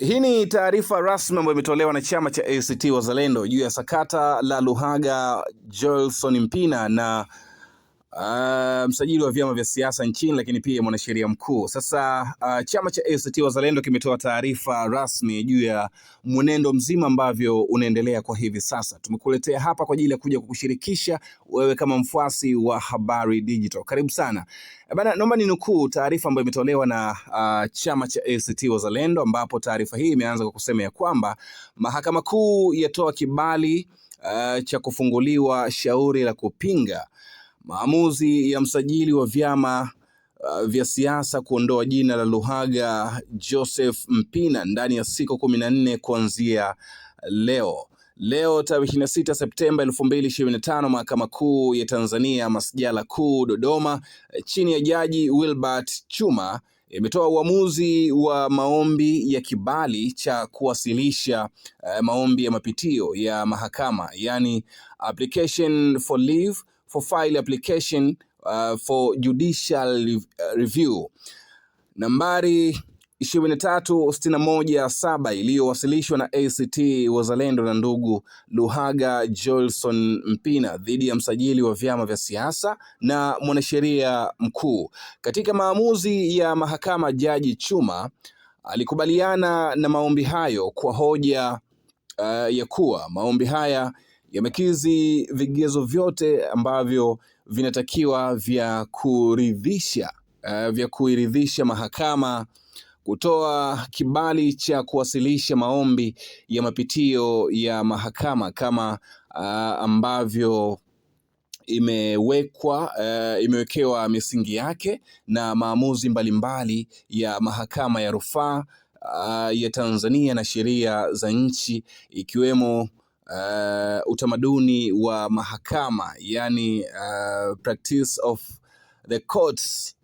Hii ni taarifa rasmi ambayo imetolewa na chama cha ACT Wazalendo juu ya sakata la Luhaga jolson Mpina na Uh, msajili wa vyama vya siasa nchini lakini pia mwanasheria mkuu. Sasa uh, chama cha ACT Wazalendo kimetoa taarifa rasmi juu ya mwenendo mzima ambavyo unaendelea kwa hivi sasa. Tumekuletea hapa kwa ajili ya kuja kukushirikisha wewe kama mfuasi wa Habari Digital. Karibu sana. Eh, bana, naomba ninukuu taarifa ambayo imetolewa na uh, chama cha ACT Wazalendo ambapo taarifa hii imeanza kwa kusema ya kwamba Mahakama Kuu yatoa kibali uh, cha kufunguliwa shauri la kupinga Maamuzi ya msajili wa vyama uh, vya siasa kuondoa jina la Luhaga Joseph Mpina ndani ya siku kumi na nne kuanzia leo. Leo tarehe 26 Septemba 2025 Mahakama Kuu ya Tanzania, Masjala Kuu Dodoma, chini ya Jaji Wilbert Chuma imetoa uamuzi wa maombi ya kibali cha kuwasilisha uh, maombi ya mapitio ya mahakama, yani application for leave for file application uh, for judicial uh, review nambari 23617 iliyowasilishwa na ACT Wazalendo na ndugu Luhaga Joelson Mpina dhidi ya msajili wa vyama vya siasa na mwanasheria mkuu. Katika maamuzi ya mahakama, Jaji Chuma alikubaliana na maombi hayo kwa hoja uh, ya kuwa maombi haya yamekizi vigezo vyote ambavyo vinatakiwa vya kuridhisha uh, vya kuiridhisha mahakama kutoa kibali cha kuwasilisha maombi ya mapitio ya mahakama kama uh, ambavyo imewekwa uh, imewekewa misingi yake na maamuzi mbalimbali ya mahakama ya rufaa uh, ya Tanzania na sheria za nchi ikiwemo uh, utamaduni wa mahakama yani uh, practice of the courts.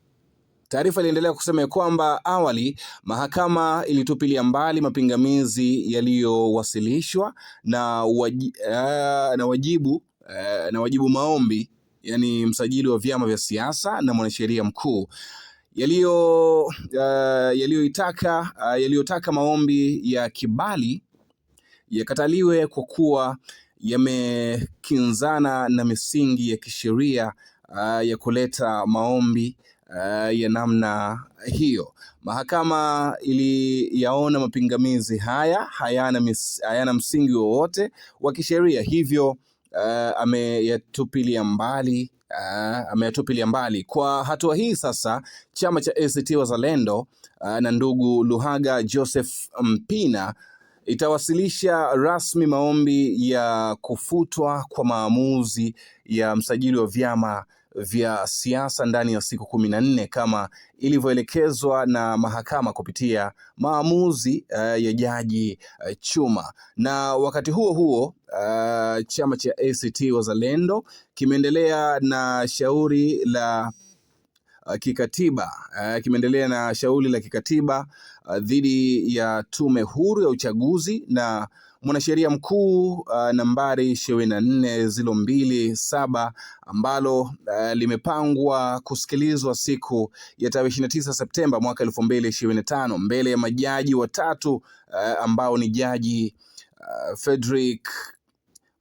Taarifa iliendelea kusema ya kwamba awali mahakama ilitupilia mbali mapingamizi yaliyowasilishwa na, waj, uh, na wajibu uh, na wajibu maombi yani msajili wa vyama vya siasa na mwanasheria mkuu yaliyo uh, yaliyoitaka uh, yaliyotaka maombi ya kibali yakataliwe kwa kuwa yamekinzana na misingi ya kisheria uh, ya kuleta maombi uh, ya namna hiyo. Mahakama iliyaona mapingamizi haya hayana, mis, hayana msingi wowote wa kisheria, hivyo uh, ameyatupilia mbali uh, ameyatupilia mbali. Kwa hatua hii sasa, chama cha ACT Wazalendo uh, na ndugu Luhaga Joseph Mpina itawasilisha rasmi maombi ya kufutwa kwa maamuzi ya msajili wa vyama vya siasa ndani ya siku kumi na nne kama ilivyoelekezwa na mahakama kupitia maamuzi uh, ya jaji uh, Chuma. Na wakati huo huo uh, chama cha ACT Wazalendo kimeendelea na shauri la Uh, kikatiba uh, kimeendelea na shauri la kikatiba uh, dhidi ya tume huru ya uchaguzi na mwanasheria mkuu uh, nambari ishirini na nne zilo mbili saba ambalo uh, limepangwa kusikilizwa siku ya tarehe ishirini na tisa Septemba mwaka elfu mbili ishirini na tano mbele ya majaji watatu uh, ambao ni jaji uh, Frederick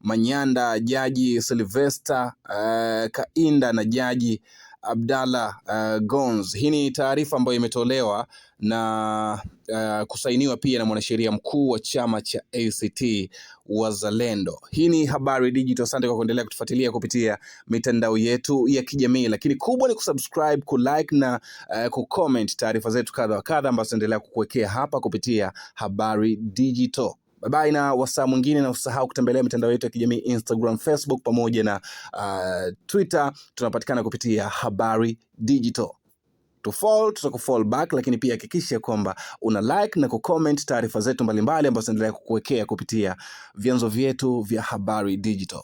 Manyanda, jaji Sylvester uh, Kainda na jaji Abdalla uh, Gons. Hii ni taarifa ambayo imetolewa na uh, kusainiwa pia na mwanasheria mkuu wa chama cha ACT Wazalendo. Hii ni Habari Digital. Asante kwa kuendelea kutufuatilia kupitia mitandao yetu ya kijamii, lakini kubwa ni kusubscribe, kulike na uh, kucomment taarifa zetu kadha wa kadha ambazo tunaendelea kukuwekea hapa kupitia Habari Digital. Bye bye na wasaa mwingine, na usahau kutembelea mitandao yetu ya kijamii Instagram, Facebook pamoja na uh, Twitter. Tunapatikana kupitia Habari Digital to fall tutaku fall back, lakini pia hakikisha kwamba una like na kucomment taarifa zetu mbalimbali ambazo zinaendelea kukuwekea kupitia vyanzo vyetu vya Habari Digital.